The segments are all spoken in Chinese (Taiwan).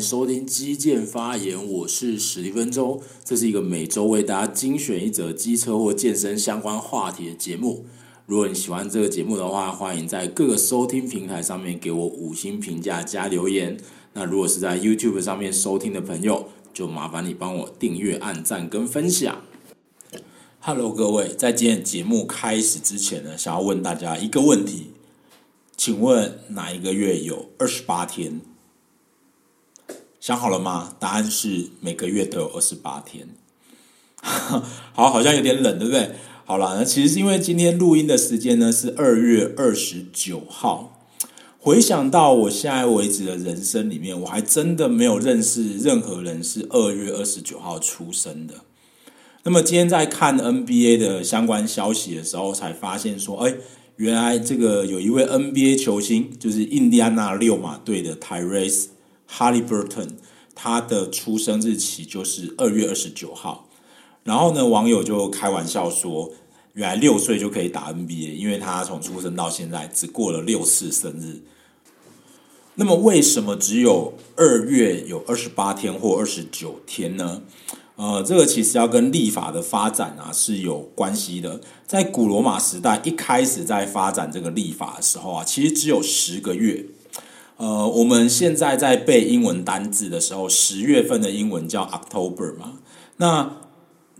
收聽肌健發言，我是史蒂芬周。這是一個每周為大家精選一則機車或健身相關話題的節目。如果你喜歡這個節目的話，歡迎在各個收聽平台上面給我五星評價加留言。那如果是在 YouTube 上面收聽的朋友，就麻煩你幫我訂閱、按讚跟分享。Hello，各位，在今天節目開始之前呢，想要問大家一個問題，請問哪一個月有二十八天？想好了嗎？答案是每個月都有二十八天。 好，好像有點冷，對不對？好了，那其實是因為今天錄音的時間呢是二月二十九號。回想到我現在為止的人生裡面，我還真的沒有認識任何人是二月二十九號出生的。那麼今天在看 NBA 的相關消息的時候，我才發現說，哎，原來這個有一位 NBA 球星，就是印第安納溜馬隊的 Tyrese 哈利·伯特，他的出生日期就是二月二十九號。然後呢，網友就開玩笑說：“原來六歲就可以打 NBA，因為他從出生到現在只過了六次生日。”那麼，為什麼只有二月有二十八天或二十九天呢？呃，這個其實要跟曆法的發展啊是有關係的。在古羅馬時代一開始在發展這個曆法的時候啊，其實只有十個月。呃，我們現在在背英文單字的時候，十月份的英文叫 October 嘛。那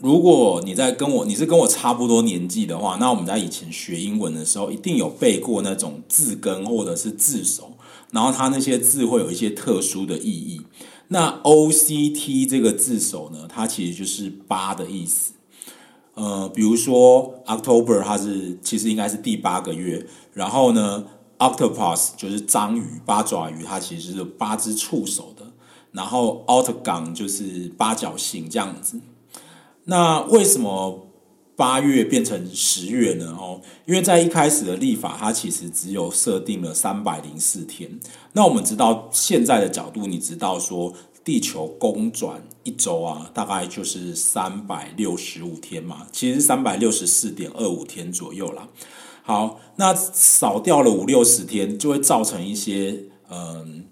如果你在跟我，你是跟我差不多年紀的話，那我們在以前學英文的時候，一定有背過那種字根或者是字首，然後它那些字會有一些特殊的意義。那 OCT 這個字首呢，它其實就是八的意思。呃，比如說 October，它是其實應該是第八個月，然後呢，Octopus 就是章魚、八爪魚，它其實是八隻觸手的。然後 Octagon 就是八角形這樣子。那為什麼八月變成十月呢？哦，因為在一開始的曆法，它其實只有設定了三百零四天。那我們知道現在的角度，你知道說地球公轉一周啊，大概就是三百六十五天嘛，其實三百六十四點二五天左右啦。好，那少掉了五六十天，就會造成一些嗯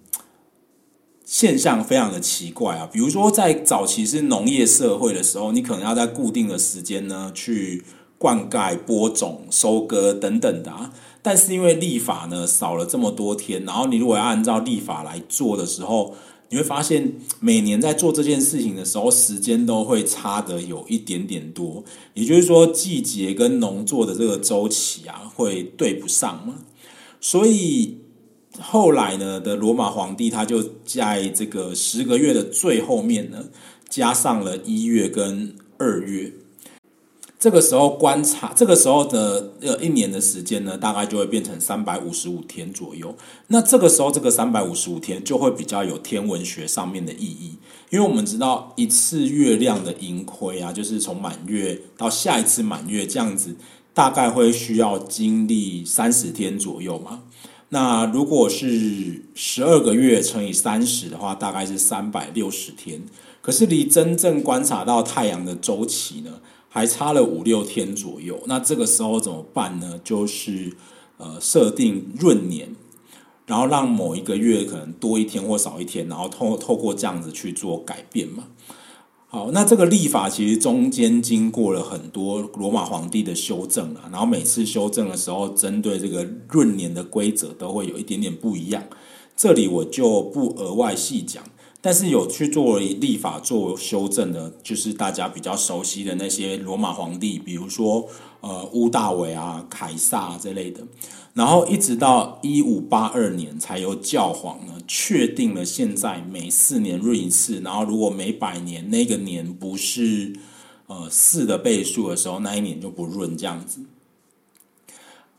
現象，非常的奇怪啊。比如說，在早期是農業社會的時候，你可能要在固定的時間呢去灌溉、播種、收割等等的啊。但是因為曆法呢少了這麼多天，然後你如果要按照曆法來做的時候，你會發現，每年在做這件事情的時候，時間都會差得有一點點多，也就是說，季節跟農作的這個週期啊，會對不上嘛。所以後來呢，的羅馬皇帝他就在這個十個月的最後面呢，加上了一月跟二月。這個時候觀察，這個時候的呃一年的時間呢，大概就會變成三百五十五天左右。那這個時候，這個三百五十五天就會比較有天文學上面的意義，因為我們知道一次月亮的盈虧啊，就是從滿月到下一次滿月這樣子，大概會需要經歷三十天左右嘛。那如果是十二個月乘以三十的話，大概是三百六十天。可是離真正觀察到太陽的週期呢，還差了五六天左右，那這個時候怎麼辦呢？就是呃，設定閏年，然後讓某一個月可能多一天或少一天，然後透透過這樣子去做改變嘛。好，那這個曆法其實中間經過了很多羅馬皇帝的修正啊，然後每次修正的時候，針對這個閏年的規則都會有一點點不一樣，這裡我就不額外細講。但是有去做立法、做修正的，就是大家比較熟悉的那些羅馬皇帝，比如說呃屋大維啊、凱撒啊這類的。然後一直到一五八二年，才由教皇呢確定了現在每四年閏一次。然後如果每百年那個年不是呃四的倍數的時候，那一年就不閏這樣子。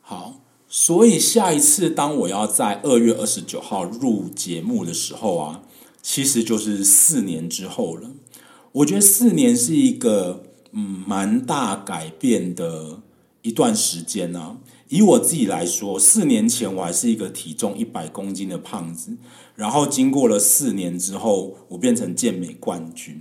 好，所以下一次當我要在二月二十九號錄節目的時候啊。其實就是四年之後了，我覺得四年是一個嗯蠻大改變的一段時間啊。以我自己來說，四年前我還是一個體重一百公斤的胖子，然後經過了四年之後，我變成健美冠軍。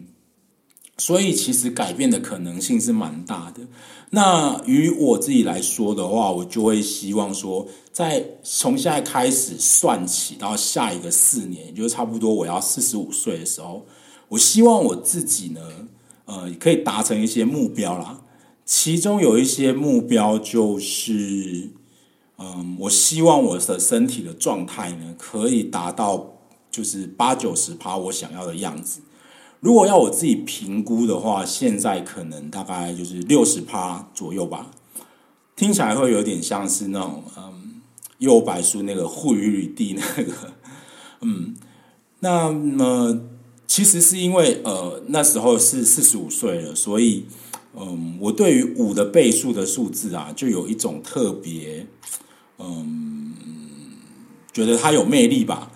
所以，其實改變的可能性是蠻大的。那於我自己來說的話，我就會希望說，在從現在開始算起，到下一個四年，就是差不多我要四十五歲的時候，我希望我自己呢，呃，可以達成一些目標啦。其中有一些目標就是，嗯、呃，我希望我的身體的狀態呢，可以達到就是八九十趴我想要的樣子。如果要我自己評估的話，現在可能大概就是六十趴左右吧，聽起來會有點像是那種，嗯，右白書那個滬語旅地那個，嗯，那麼、嗯、其實是因為呃那時候是四十五歲了，所以嗯，我對於五的倍數的數字啊，就有一種特別，嗯，覺得它有魅力吧。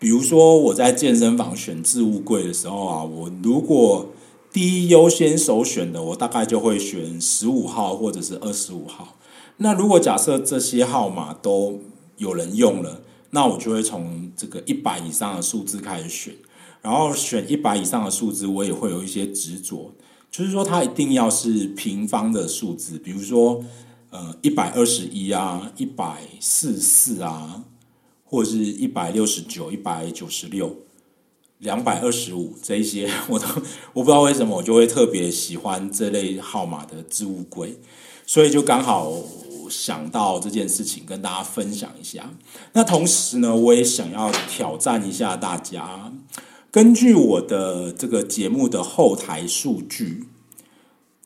比如說，我在健身房選置物櫃的時候啊，我如果第一優先首選的，我大概就會選十五號或者是二十五號。那如果假設這些號碼都有人用了，那我就會從這個一百以上的數字開始選。然後選一百以上的數字，我也會有一些執着，就是說它一定要是平方的數字，比如說呃一百二十一啊，一百四四啊。或者是一百六十九、一百九十六、兩百二十五，這一些我都我不知道為什麼我就會特別喜歡這類號碼的置物櫃，所以就剛好想到這件事情跟大家分享一下。那同時呢，我也想要挑戰一下大家，根據我的這個節目的後台數據，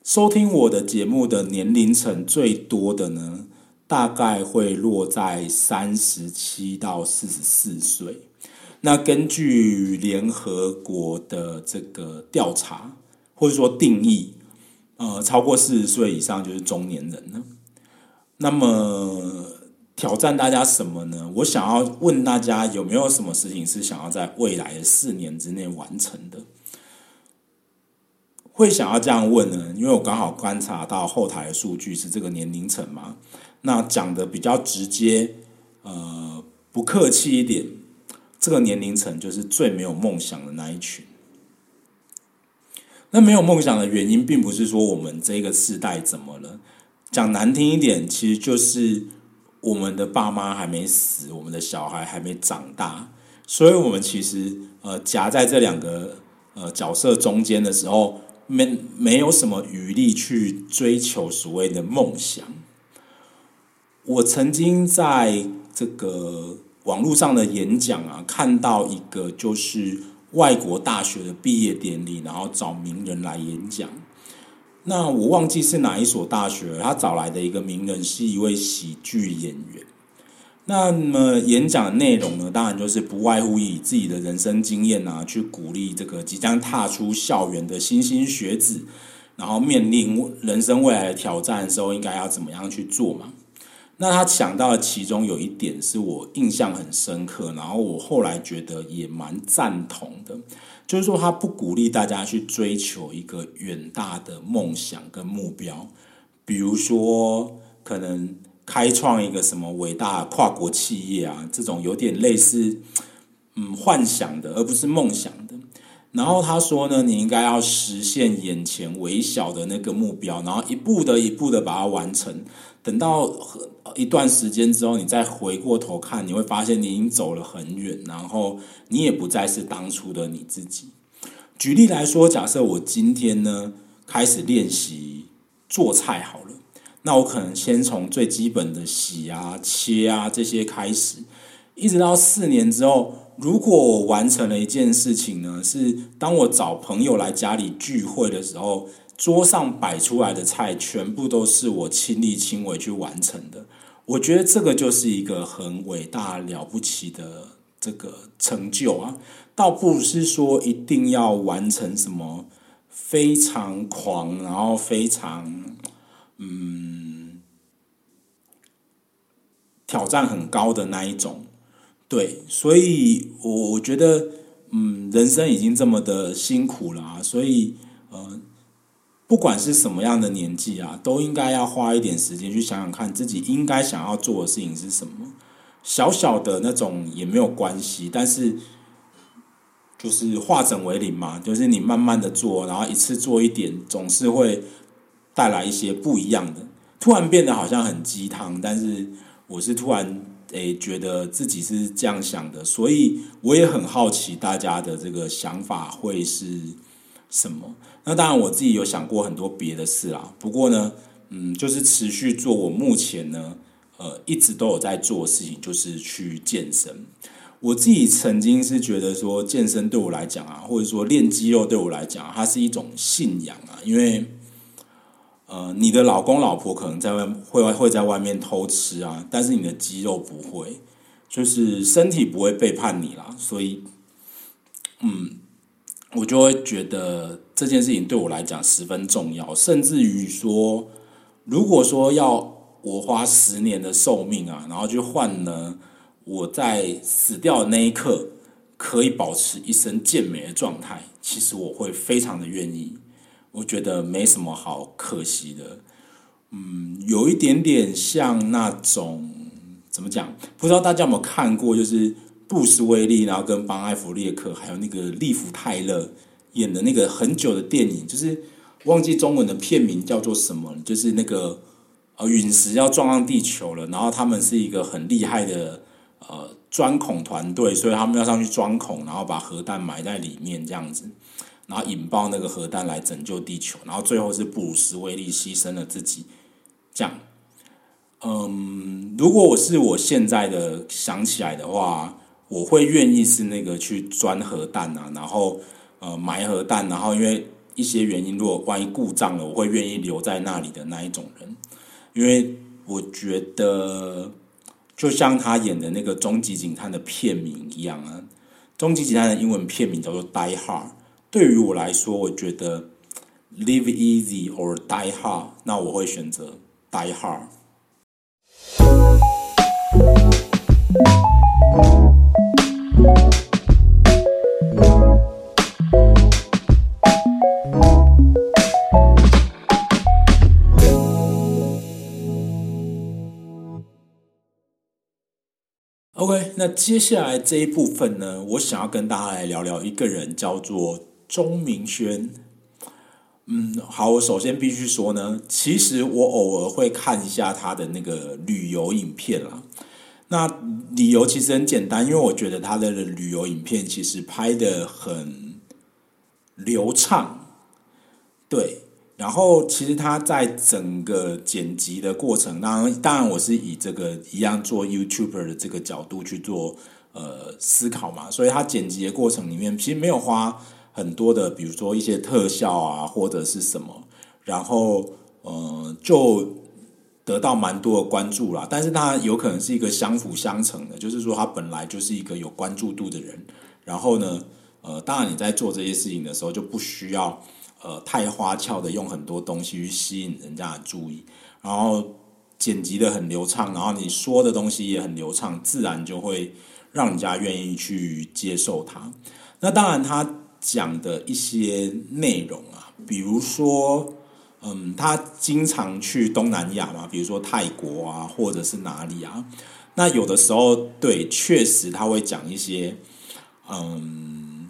收聽我的節目的年齡層最多的呢，大概會落在三十七到四十四歲。那根據聯合國的這個調查或者說定義，呃，超過四十歲以上就是中年人呢。那麼挑戰大家什麼呢？我想要問大家有沒有什麼事情是想要在未來的四年之內完成的？會想要這樣問呢？因為我剛好觀察到後台的數據是這個年齡層嘛。那講得比較直接，呃，不客氣一點，這個年齡層就是最沒有夢想的那一群。那沒有夢想的原因，並不是說我們這個世代怎麼了，講難聽一點，其實就是我們的爸媽還沒死，我們的小孩還沒長大，所以我們其實呃夾在這兩個呃角色中間的時候，沒沒有什麼餘力去追求所謂的夢想。我曾經在這個網絡上的演講啊，看到一個就是外國大學的畢業典禮，然後找名人來演講。那我忘記是哪一所大學了，他找來的一個名人是一位喜劇演員。那麼演講的內容呢，當然就是不外乎以自己的人生經驗啊，去鼓勵這個即將踏出校園的新興學子，然後面臨人生未來的挑戰的時候，應該要怎麼樣去做嘛？那他想到的其中有一點是我印象很深刻，然後我後來覺得也蠻贊同的，就是說他不鼓勵大家去追求一個遠大的夢想跟目標，比如說可能開創一個什麼偉大的跨國企業啊，這種有點類似嗯幻想的，而不是夢想。然後他說呢，你應該要實現眼前微小的那個目標，然後一步的一步的把它完成。等到一段時間之後，你再回過頭看，你會發現你已經走了很遠，然後你也不再是當初的你自己。舉例來說，假設我今天呢開始練習做菜好了，那我可能先從最基本的洗啊、切啊這些開始，一直到四年之後。如果我完成了一件事情呢，是當我找朋友來家裡聚會的時候，桌上擺出來的菜全部都是我親力親為去完成的。我覺得這個就是一個很偉大了不起的這個成就啊，倒不是說一定要完成什麼非常狂，然後非常，嗯，挑戰很高的那一種。對，所以我我覺得，嗯，人生已經這麼的辛苦了啊，所以呃，不管是什麼樣的年紀啊，都應該要花一點時間去想想看自己應該想要做的事情是什麼。小小的那種也沒有關係，但是就是化整為零嘛，就是你慢慢的做，然後一次做一點，總是會帶來一些不一樣的。突然變得好像很雞湯，但是我是突然。誒、欸，覺得自己是這樣想的，所以我也很好奇大家的這個想法會是什麼。那當然，我自己有想過很多別的事啊。不過呢，嗯，就是持續做我目前呢，呃，一直都有在做的事情，就是去健身。我自己曾經是覺得說，健身對我來講啊，或者說練肌肉對我來講啊，它是一種信仰啊，因為。呃，你的老公老婆可能在外，會，會在外面偷吃啊，但是你的肌肉不會，就是身體不會背叛你啦，所以，嗯，我就會覺得這件事情對我來講十分重要。甚至於說，如果說要我花十年的壽命啊，然後去換呢，我在死掉的那一刻可以保持一身健美的狀態，其實我會非常的願意。我覺得沒什麼好可惜的，嗯，有一點點像那種怎麼講？不知道大家有沒有看過，就是布斯威利，然後跟邦·艾弗列克，還有那個利弗泰勒演的那個很久的電影，就是忘記中文的片名叫做什麼，就是那個呃，隕石要撞上地球了，然後他們是一個很厲害的呃鑽孔團隊，所以他們要上去鑽孔，然後把核彈埋在裡面這樣子。然後引爆那個核彈來拯救地球，然後最後是布魯斯威利犧牲了自己，這樣。嗯，如果我是我現在的想起來的話，我會願意是那個去鑽核彈啊，然後呃埋核彈，然後因為一些原因，如果萬一故障了，我會願意留在那裡的那一種人。因為我覺得，就像他演的那個《終極警探》的片名一樣啊，《終極警探》的英文片名叫做 Die Hard。對於我來說，我覺得 live easy or die hard，那我會選擇 die hard。OK，那接下來這一部分呢，我想要跟大家來聊聊一個人叫做。鍾明軒，嗯，好，我首先必須說呢，其實我偶爾會看一下他的那個旅遊影片啦。那理由其實很簡單，因為我覺得他的旅遊影片其實拍得很流暢，對。然後其實他在整個剪輯的過程當然當然我是以這個一樣做 YouTuber 的這個角度去做呃思考嘛，所以他剪輯的過程裡面其實沒有花。很多的，比如說一些特效啊，或者是什麼，然後呃，就得到蠻多的關注啦。但是它有可能是一個相輔相成的，就是說，他本來就是一個有關注度的人，然後呢，呃，當然你在做這些事情的時候，就不需要呃太花俏的用很多東西去吸引人家的注意，然後剪輯的很流暢，然後你說的東西也很流暢，自然就會讓人家願意去接受它。那當然他。講的一些內容啊，比如說，嗯，他經常去東南亞嘛，比如說泰國啊，或者是哪裡啊？那有的時候，對，確實他會講一些，嗯，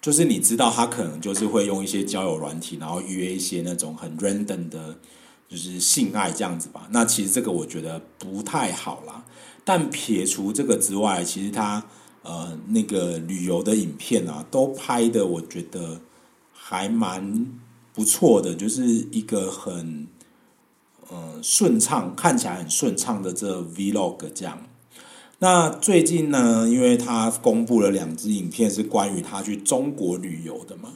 就是你知道，他可能就是會用一些交友軟體，然後約一些那種很 random 的，就是性愛這樣子吧。那其實這個我覺得不太好啦。但撇除這個之外，其實他。呃，那個旅遊的影片啊，都拍的我覺得還蠻不錯的，就是一個很呃順暢，看起來很順暢的這 vlog 這樣。那最近呢，因為他公布了兩支影片是關於他去中國旅遊的嘛。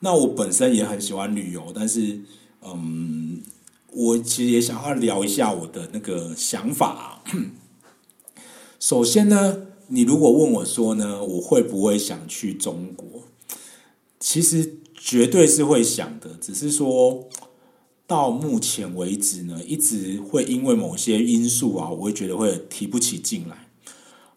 那我本身也很喜歡旅遊，但是嗯，我其實也想要聊一下我的那個想法啊。首先呢。你如果問我說呢，我會不會想去中國？其實絕對是會想的，只是說到目前為止呢，一直會因為某些因素啊，我會覺得會提不起勁來。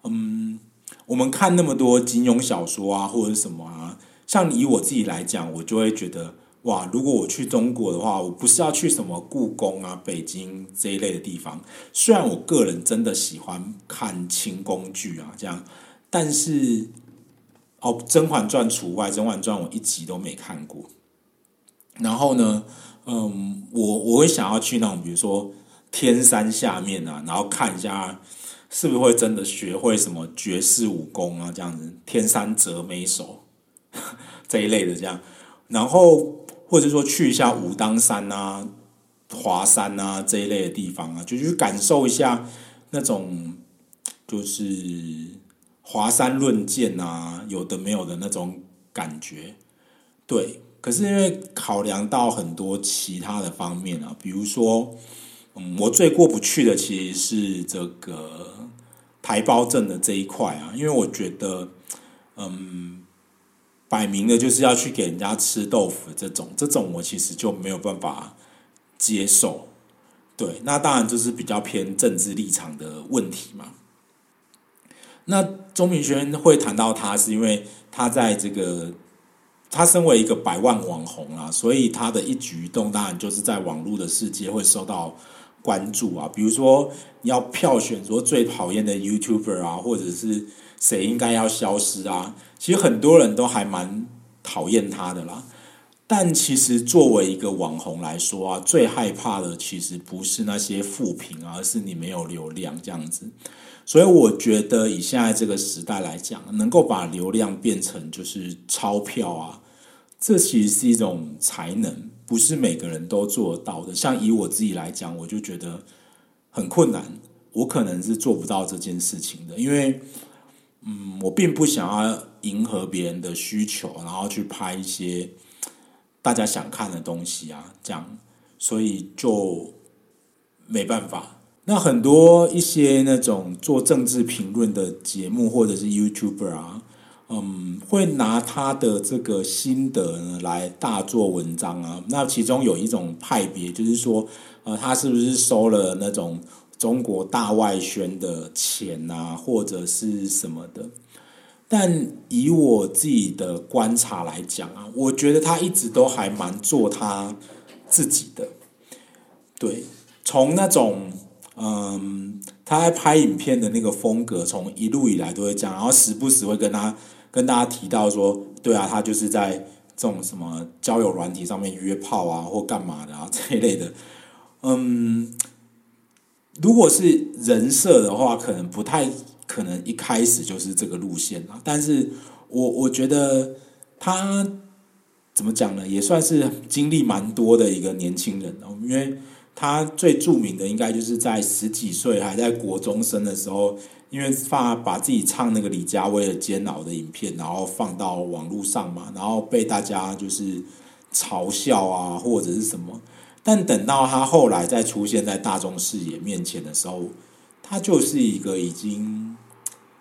嗯，我們看那麼多金庸小說啊，或者什麼啊，像以我自己來講，我就會覺得。哇！如果我去中國的話，我不是要去什麼故宮啊、北京這一類的地方。雖然我個人真的喜歡看清宮劇啊這樣，但是哦，《甄嬛傳》除外，《甄嬛傳》我一集都沒看過。然後呢，嗯，我我會想要去那種，比如說天山下面啊，然後看一下是不是會真的學會什麼絕世武功啊這樣子，天山折梅手這一類的這樣，然後。或者說去一下武當山啊、華山啊這一類的地方啊，就去感受一下那種就是華山論劍啊有的沒有的那種感覺。對，可是因為考量到很多其他的方面啊，比如說，嗯，我最過不去的其實是這個台胞證的這一塊啊，因為我覺得，嗯。擺明了就是要去給人家吃豆腐，這種這種我其實就沒有辦法接受。對，那當然就是比較偏政治立場的問題嘛。那鍾明軒會談到他，是因為他在這個他身為一個百萬網紅啊，所以他的一舉一動當然就是在網絡的世界會受到關注啊。比如說你要票選說最討厭的 YouTuber 啊，或者是。誰應該要消失啊？其實很多人都還蠻討厭他的啦。但其實作為一個網紅來說啊，最害怕的其實不是那些負評啊，而是你沒有流量這樣子。所以我覺得以現在這個時代來講，能夠把流量變成就是鈔票啊，這其實是一種才能，不是每個人都做到的。像以我自己來講，我就覺得很困難，我可能是做不到這件事情的，因為。嗯，我並不想要迎合別人的需求，然後去拍一些大家想看的東西啊，這樣，所以就沒辦法。那很多一些那種做政治評論的節目或者是 YouTuber 啊，嗯，會拿他的這個心得呢來大做文章啊。那其中有一種派別，就是說，呃，他是不是收了那種？中國大外宣的錢啊，或者是什麼的？但以我自己的觀察來講啊，我覺得他一直都還蠻做他自己的。對，從那種嗯，他在拍影片的那個風格，從一路以來都會這樣，然後時不時會跟他跟大家提到說，對啊，他就是在這種什麼交友軟體上面約炮啊，或幹嘛的啊這一類的，嗯。如果是人設的話，可能不太可能一開始就是這個路線了。但是我我覺得他怎麼講呢？也算是經歷蠻多的一個年輕人哦，因為他最著名的應該就是在十幾歲還在國中生的時候，因為怕把自己唱那個李佳薇的煎熬的影片，然後放到網絡上嘛，然後被大家就是嘲笑啊，或者是什麼。但等到他後來再出現在大眾視野面前的時候，他就是一個已經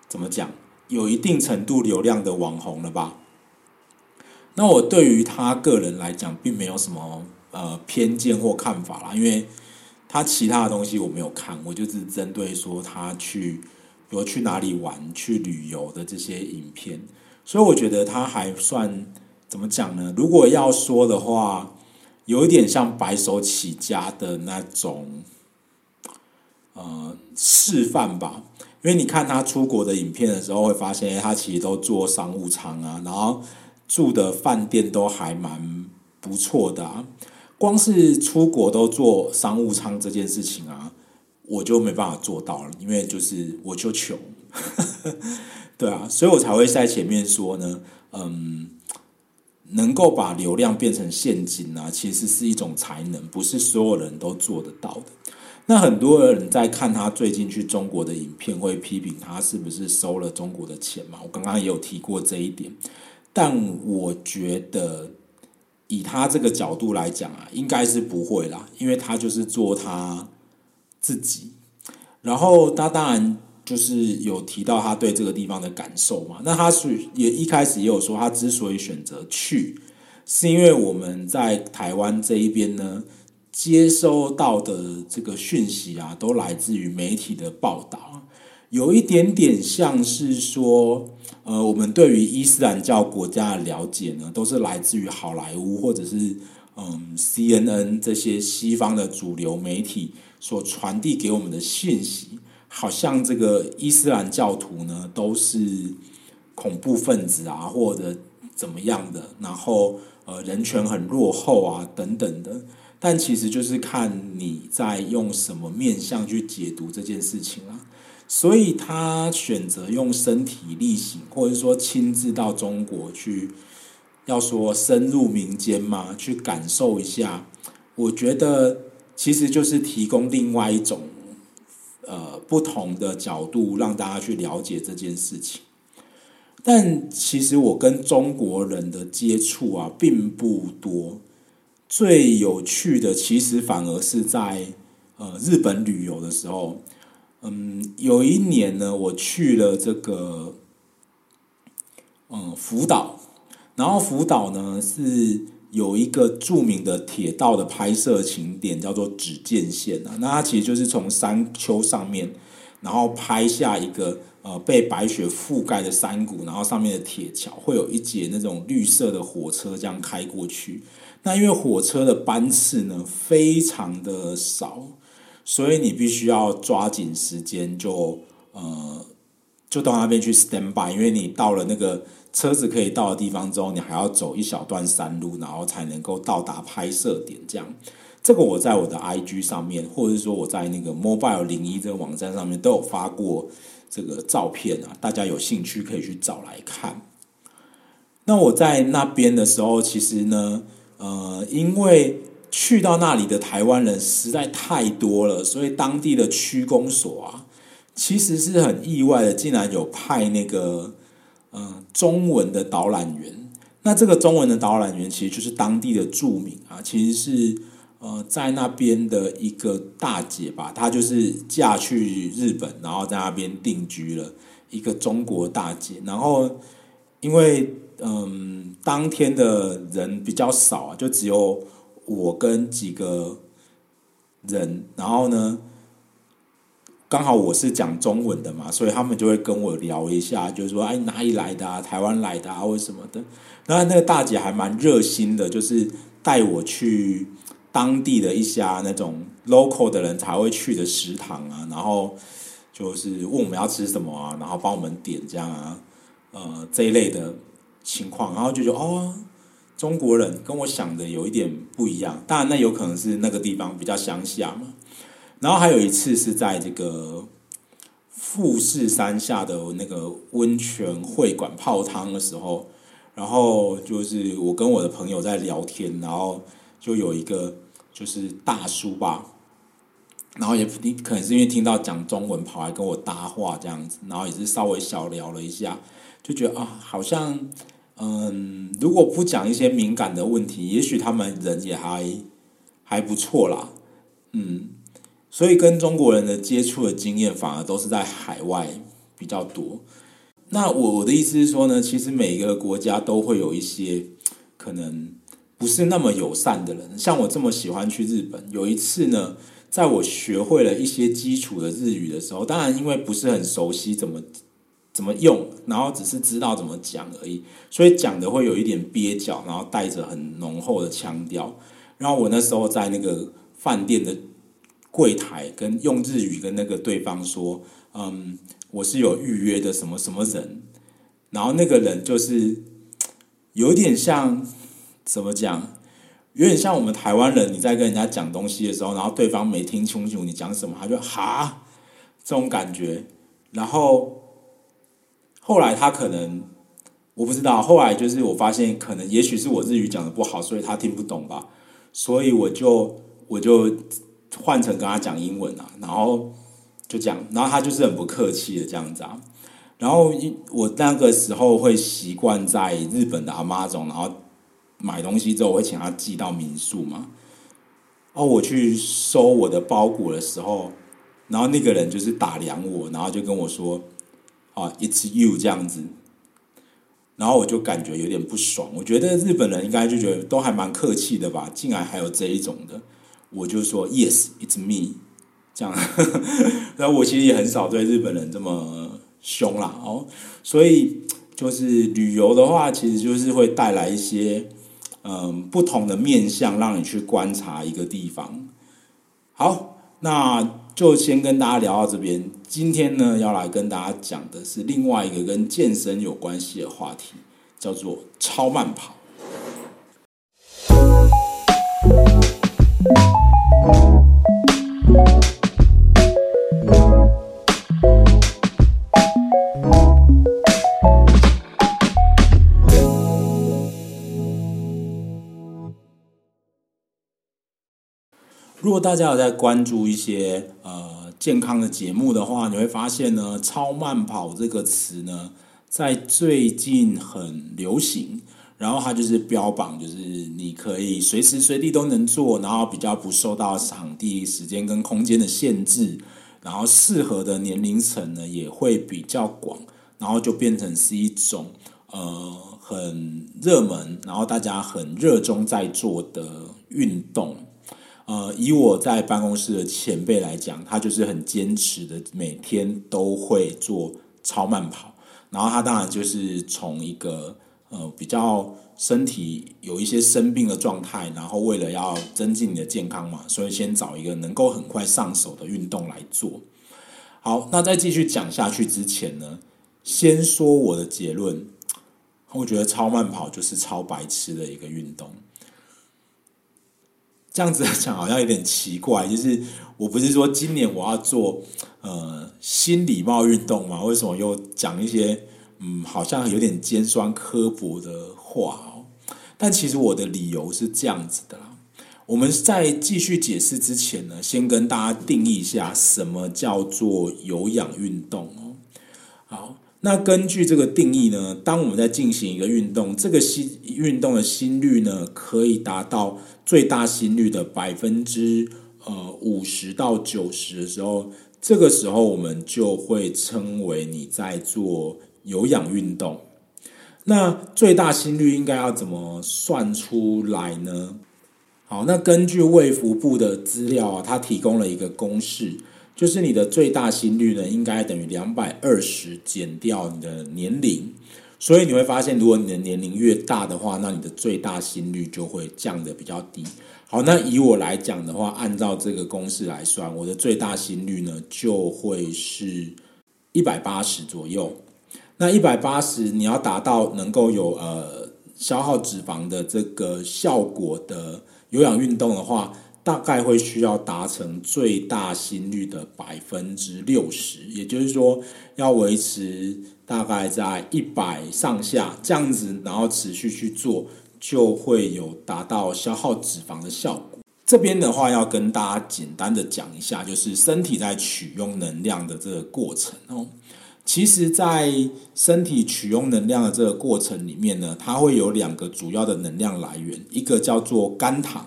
怎麼講，有一定程度流量的網紅了吧？那我對於他個人來講，並沒有什麼呃偏見或看法啦，因為他其他的東西我沒有看，我就是針對說他去比如去哪裡玩、去旅遊的這些影片，所以我覺得他還算怎麼講呢？如果要說的話。有一點像白手起家的那種，呃，示範吧。因為你看他出國的影片的時候，會發現，他其實都坐商務艙啊，然後住的飯店都還蠻不錯的啊。光是出國都坐商務艙這件事情啊，我就沒辦法做到了，因為就是我就窮， 對啊，所以我才會在前面說呢，嗯。能夠把流量變成現金呢、啊，其實是一種才能，不是所有人都做得到的。那很多人在看他最近去中國的影片，會批評他是不是收了中國的錢嘛。我剛剛也有提過這一點，但我覺得以他這個角度來講啊，應該是不會啦，因為他就是做他自己，然後他當然。就是有提到他對這個地方的感受嘛，那他是也一開始也有說，他之所以選擇去，是因為我們在台灣這一邊呢，接收到的這個訊息啊，都來自於媒體的報道有一點點像是說，呃，我們對於伊斯蘭教國家的了解呢，都是來自於好萊塢或者是嗯 CNN 這些西方的主流媒體所傳遞給我們的訊息。好像這個伊斯蘭教徒呢，都是恐怖分子啊，或者怎麼樣的，然後呃人權很落後啊等等的，但其實就是看你在用什麼面向去解讀這件事情啦，啊，所以他選擇用身體力行，或者說親自到中國去，要說深入民間嘛，去感受一下，我覺得其實就是提供另外一種。呃，不同的角度讓大家去了解這件事情。但其實我跟中國人的接觸啊，並不多，最有趣的其實反而是在呃日本旅遊的時候。嗯，有一年呢，我去了這個嗯呃福島，然後福島呢是。有一個著名的鐵道的拍攝的景點叫做只見線吶、啊，那它其實就是從山丘上面，然後拍下一個呃被白雪覆蓋的山谷，然後上面的鐵橋會有一節那種綠色的火車這樣開過去。那因為火車的班次呢非常的少，所以你必須要抓緊時間就呃就到那邊去 stand by，因為你到了那個。車子可以到的地方之後，你還要走一小段山路，然後才能夠到達拍攝點。這樣，這個我在我的 IG 上面，或者是說我在那個 Mobile 零一這個網站上面都有發過這個照片啊，大家有興趣可以去找來看。那我在那邊的時候，其實呢，呃，因為去到那裡的台灣人實在太多了，所以當地的區公所啊，其實是很意外的，竟然有派那個。嗯，中文的導覽員，那這個中文的導覽員其實就是當地的住民啊，其實是呃在那邊的一個大姐吧，她就是嫁去日本，然後在那邊定居了一個中國大姐，然後因為嗯當天的人比較少，就只有我跟幾個人，然後呢，剛好我是講中文的嘛，所以他們就會跟我聊一下，就是說，哎，哪裡來的啊？台灣來的啊，或什麼的。然後那個大姐還蠻熱心的，就是帶我去當地的一些那種 local 的人才會去的食堂啊，然後就是問我們要吃什麼啊，然後幫我們點這樣啊，呃，這一類的情況。然後就覺得，哦，中國人跟我想的有一點不一樣。當然，那有可能是那個地方比較鄉下嘛。然後還有一次是在這個富士山下的那個溫泉會館泡湯的時候，然後就是我跟我的朋友在聊天，然後就有一個就是大叔吧，然後也你可能是因為聽到講中文，跑來跟我搭話這樣子，然後也是稍微小聊了一下，就覺得啊，好像嗯，如果不講一些敏感的問題，也許他們人也還還不錯啦，嗯。所以跟中國人的接觸的經驗反而都是在海外比較多。那我我的意思是說呢，其實每一個國家都會有一些可能不是那麼友善的人。像我這麼喜歡去日本，有一次呢，在我學會了一些基礎的日語的時候，當然因為不是很熟悉怎麼怎麼用，然後只是知道怎麼講而已，所以講的會有一點蹩腳，然後帶着很濃厚的腔調。然後我那時候在那個飯店的。櫃檯跟用日語跟那個對方說，嗯，我是有預約的什麼什麼人，然後那個人就是有點像怎麼講，有點像我們台灣人你在跟人家講東西的時候，然後對方沒聽清楚你講什麼，他就哈這種感覺。然後後來他可能我不知道，後來就是我發現可能也許是我日語講得不好，所以他聽不懂吧，所以我就我就換成跟他講英文啊，然後就講，然後他就是很不客氣的這樣子啊。然後我那個時候會習慣在日本的 Amazon，然後買東西之後，我會請他寄到民宿嘛。哦，我去收我的包裹的時候，然後那個人就是打量我，然後就跟我說：“啊，It's you 這樣子。”然後我就感覺有點不爽。我覺得日本人應該就覺得都還蠻客氣的吧，竟然還有這一種的。我就說 Yes，it's me，這樣。哈哈，那我其實也很少對日本人這麼凶啦哦，所以就是旅遊的話，其實就是會帶來一些嗯不同的面向，讓你去觀察一個地方。好，那就先跟大家聊到這邊。今天呢，要來跟大家講的是另外一個跟健身有關係的話題，叫做超慢跑。如果大家有在關注一些呃健康的節目的話，你會發現呢，“超慢跑”這個詞呢，在最近很流行。然後它就是標榜，就是你可以隨時隨地都能做，然後比較不受到場地、時間跟空間的限制，然後適合的年齡層呢也會比較廣，然後就變成是一種呃很熱門，然後大家很熱衷在做的運動。呃，以我在辦公室的前輩來講，他就是很堅持的，每天都會做超慢跑，然後他當然就是從一個。呃，比較身體有一些生病的狀態，然後為了要增進你的健康嘛，所以先找一個能夠很快上手的運動來做。好，那再繼續講下去之前呢，先說我的結論，我覺得超慢跑就是超白痴的一個運動。這樣子講好像有點奇怪，就是我不是說今年我要做呃新禮貌運動嘛，為什麼又講一些？嗯，好像有點尖酸刻薄的話哦，但其實我的理由是這樣子的啦。我們在繼續解釋之前呢，先跟大家定義一下什麼叫做有氧運動哦。好，那根據這個定義呢，當我們在進行一個運動，這個心運動的心率呢，可以達到最大心率的百分之呃五十到九十的時候，這個時候我們就會稱為你在做。有氧運動，那最大心率應該要怎麼算出來呢？好，那根據衛福部的資料啊，它提供了一個公式，就是你的最大心率呢，應該等於兩百二十減掉你的年齡。所以你會發現，如果你的年齡越大的話，那你的最大心率就會降得比較低。好，那以我來講的話，按照這個公式來算，我的最大心率呢，就會是一百八十左右。那一百八十，你要達到能夠有呃消耗脂肪的這個效果的有氧運動的話，大概會需要達成最大心率的百分之六十，也就是說要維持大概在一百上下這樣子，然後持續去做，就會有達到消耗脂肪的效果。這邊的話，要跟大家簡單的講一下，就是身體在取用能量的這個過程哦。其實，在身體取用能量的這個過程裡面呢，它會有兩個主要的能量來源，一個叫做肝糖。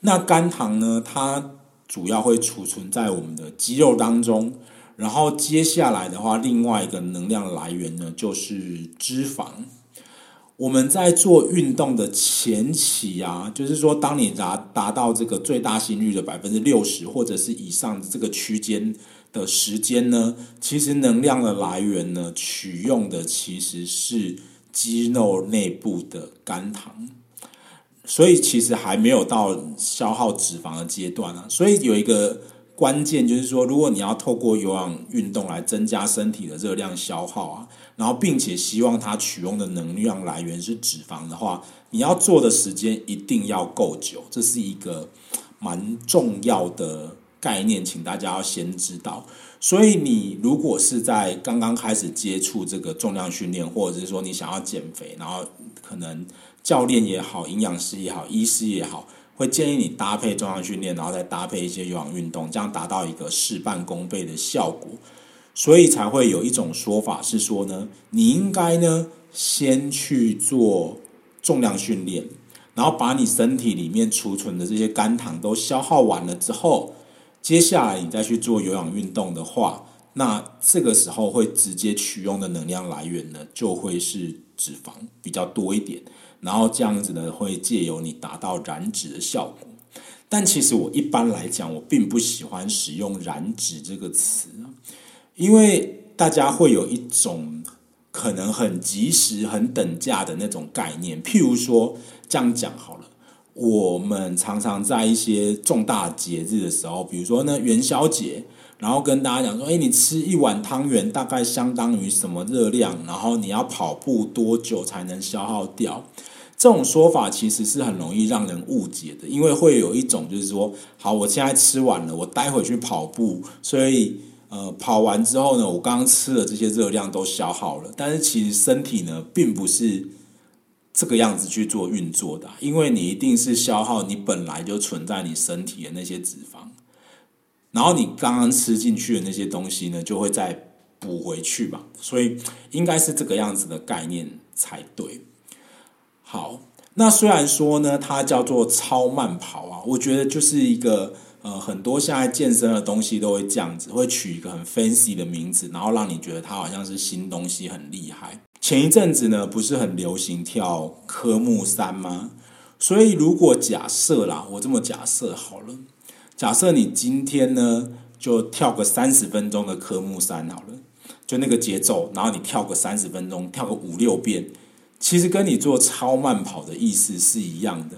那肝糖呢，它主要會儲存在我們的肌肉當中。然後接下來的話，另外一個能量來源呢，就是脂肪。我們在做運動的前期啊，就是說，當你達達到這個最大心率的百分之六十或者是以上這個區間。的時間呢，其實能量的來源呢，取用的其實是肌肉內部的肝糖，所以其實還沒有到消耗脂肪的階段啊。所以有一個關鍵就是說，如果你要透過有氧運動來增加身體的熱量消耗啊，然後並且希望它取用的能量來源是脂肪的話，你要做的時間一定要夠久，這是一個蠻重要的概念，請大家要先知道。所以，你如果是在剛剛開始接觸這個重量訓練，或者是說你想要減肥，然後可能教練也好、營養師也好、醫師也好，會建議你搭配重量訓練，然後再搭配一些有氧運動，這樣達到一個事半功倍的效果。所以才會有一種說法是說呢，你應該呢先去做重量訓練，然後把你身體裡面儲存的這些肝糖都消耗完了之後。接下來你再去做有氧運動的話，那這個時候會直接取用的能量來源呢，就會是脂肪比較多一點，然後這樣子呢，會借由你達到燃脂的效果。但其實我一般來講，我並不喜歡使用“燃脂”這個詞，因為大家會有一種可能很即時、很等價的那種概念。譬如說，這樣講好了。我們常常在一些重大節日的時候，比如說呢元宵節，然後跟大家講說：“誒，你吃一碗湯圓，大概相當於什麼熱量？然後你要跑步多久才能消耗掉？”這種說法其實是很容易讓人誤解的，因為會有一種就是說：“好，我現在吃完了，我待會去跑步，所以呃，跑完之後呢，我剛剛吃了這些熱量都消耗了。但是其實身體呢，並不是。”這個樣子去做運作的啊，因為你一定是消耗你本來就存在你身體的那些脂肪，然後你剛剛吃進去的那些東西呢，就會再補回去吧？所以應該是這個樣子的概念才對。好，那雖然說呢，它叫做超慢跑啊，我覺得就是一個呃，很多現在健身的東西都會這樣子，會取一個很 fancy 的名字，然後讓你覺得它好像是新東西，很厲害。前一陣子呢，不是很流行跳科目三嗎？所以如果假設啦，我這麼假設好了，假設你今天呢就跳個三十分鐘的科目三好了，就那個節奏，然後你跳個三十分鐘，跳個五六遍，其實跟你做超慢跑的意思是一樣的。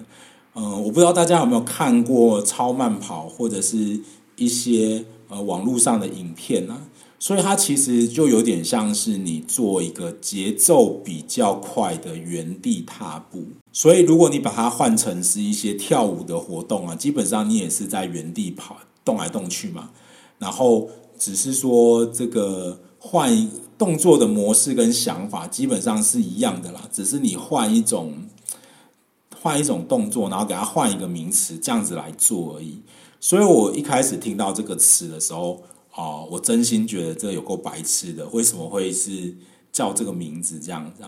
嗯、呃，我不知道大家有沒有看過超慢跑或者是一些呃網路上的影片呢、啊？所以它其實就有點像是你做一個節奏比較快的原地踏步。所以如果你把它換成是一些跳舞的活動啊，基本上你也是在原地跑動來動去嘛。然後只是說這個換動作的模式跟想法基本上是一樣的啦，只是你換一種換一種動作，然後給它換一個名詞，這樣子來做而已。所以我一開始聽到這個詞的時候。哦，我真心覺得這有夠白痴的，為什麼會是叫這個名字這樣子？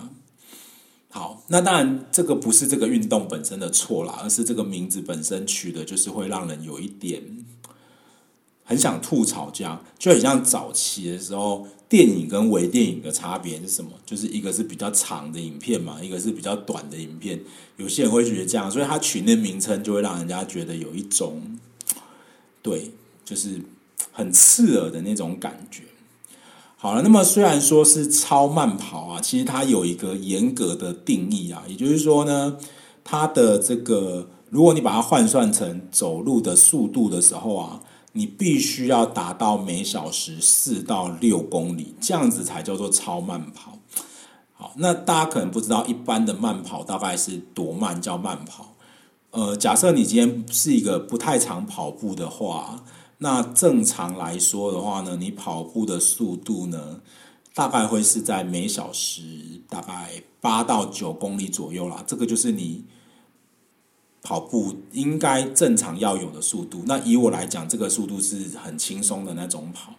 好，那當然這個不是這個運動本身的錯啦，而是這個名字本身取的就是會讓人有一點很想吐槽，這樣就很像早期的時候電影跟微電影的差別是什麼？就是一個是比較長的影片嘛，一個是比較短的影片，有些人會覺得這樣，所以他取那名稱就會讓人家覺得有一種對，就是。很刺耳的那種感覺。好了，那麼雖然說是超慢跑啊，其實它有一個嚴格的定義啊，也就是說呢，它的這個如果你把它換算成走路的速度的時候啊，你必須要達到每小時四到六公里，這樣子才叫做超慢跑。好，那大家可能不知道一般的慢跑大概是多慢叫慢跑？呃，假設你今天是一個不太常跑步的話啊，那正常來說的話呢，你跑步的速度呢，大概會是在每小時大概八到九公里左右啦。這個就是你跑步應該正常要有的速度。那以我來講，這個速度是很輕鬆的那種跑。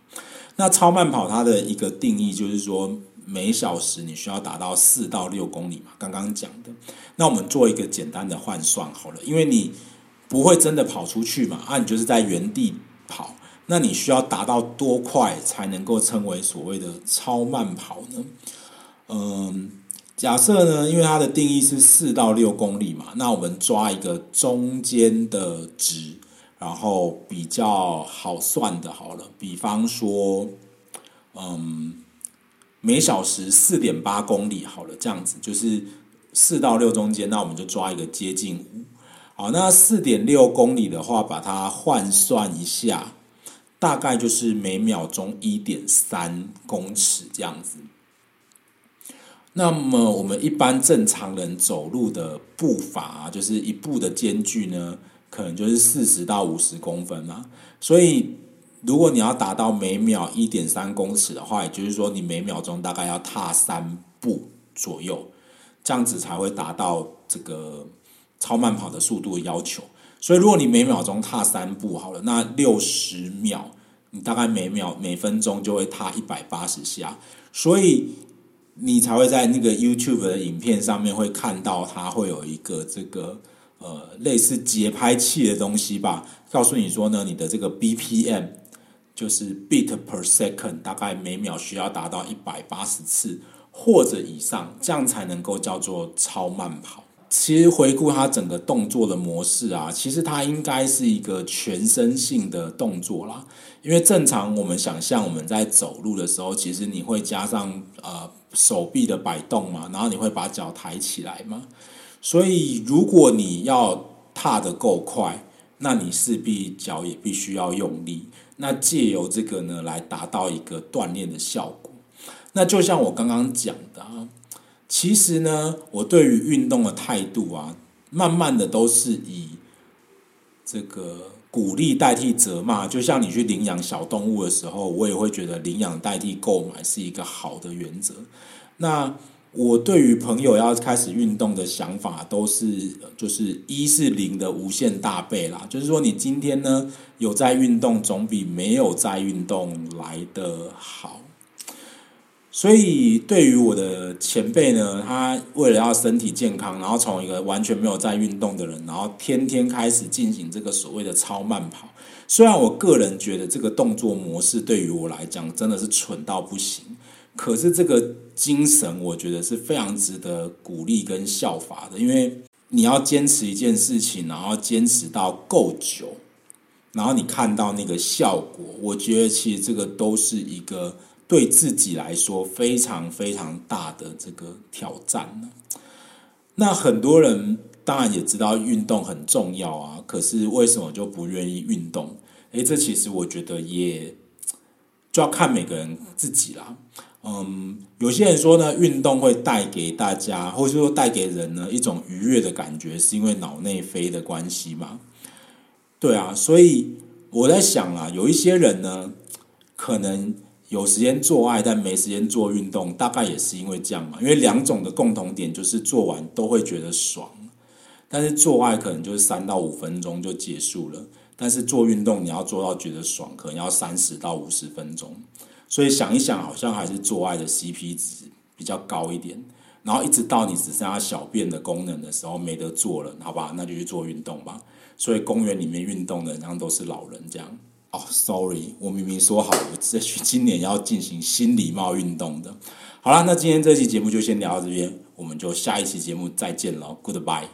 那超慢跑它的一個定義就是說，每小時你需要達到四到六公里嘛。剛剛講的，那我們做一個簡單的換算好了，因為你不會真的跑出去嘛，啊，你就是在原地。跑，那你需要達到多快才能夠稱為所謂的超慢跑呢？嗯，假設呢，因為它的定義是四到六公里嘛，那我們抓一個中間的值，然後比較好算的，好了，比方說，嗯，每小時四點八公里，好了，這樣子就是四到六中間，那我們就抓一個接近五公里。好，那四點六公里的話，把它換算一下，大概就是每秒鐘一點三公尺這樣子。那麼我們一般正常人走路的步伐、啊，就是一步的間距呢，可能就是四十到五十公分啊。所以，如果你要達到每秒一點三公尺的話，也就是說，你每秒鐘大概要踏三步左右，這樣子才會達到這個。超慢跑的速度要求，所以如果你每秒鐘踏三步好了，那六十秒你大概每秒每分鐘就會踏一百八十下，所以你才會在那個 YouTube 的影片上面會看到，它會有一個這個呃類似節拍器的東西吧，告訴你說呢，你的這個 BPM 就是 bit per second，大概每秒需要達到一百八十次或者以上，這樣才能夠叫做超慢跑。其實回顧它整個動作的模式啊，其實它應該是一個全身性的動作啦。因為正常我們想象我們在走路的時候，其實你會加上呃手臂的擺動嘛，然後你會把腳抬起來嘛。所以如果你要踏得夠快，那你勢必腳也必須要用力。那借由這個呢，來達到一個鍛鍊的效果。那就像我剛剛講的啊。其實呢，我對於運動的態度啊，慢慢的都是以這個鼓勵代替責罵。就像你去領養小動物的時候，我也會覺得領養代替購買是一個好的原則。那我對於朋友要開始運動的想法，都是就是一是零的無限大倍啦，就是說你今天呢有在運動，總比沒有在運動來得好。所以，對於我的前輩呢，他為了要身體健康，然後從一個完全沒有在運動的人，然後天天開始進行這個所謂的超慢跑。雖然我個人覺得這個動作模式對於我來講真的是蠢到不行，可是這個精神，我覺得是非常值得鼓勵跟效法的。因為你要堅持一件事情，然後堅持到夠久，然後你看到那個效果，我覺得其實這個都是一個。對自己來說非常非常大的這個挑戰呢。那很多人當然也知道運動很重要啊，可是為什麼就不願意運動？誒，這其實我覺得也就要看每個人自己啦。嗯，有些人說呢，運動會帶給大家，或者說帶給人呢一種愉悅的感覺，是因為腦內啡的關係嘛？對啊，所以我在想啊，有一些人呢，可能。有時間做愛，但沒時間做運動，大概也是因為這樣嘛。因為兩種的共同點就是做完都會覺得爽，但是做愛可能就是三到五分鐘就結束了，但是做運動你要做到覺得爽，可能要三十到五十分鐘。所以想一想，好像還是做愛的 CP 值比較高一點。然後一直到你只剩下小便的功能的時候，沒得做了，好吧，那就去做運動吧。所以公園裡面運動的人，然後都是老人這樣。哦、oh，Sorry，我明明說好我今年要進行新禮貌運動的。好啦，那今天這期節目就先聊到這邊，我們就下一期節目再見了，Goodbye。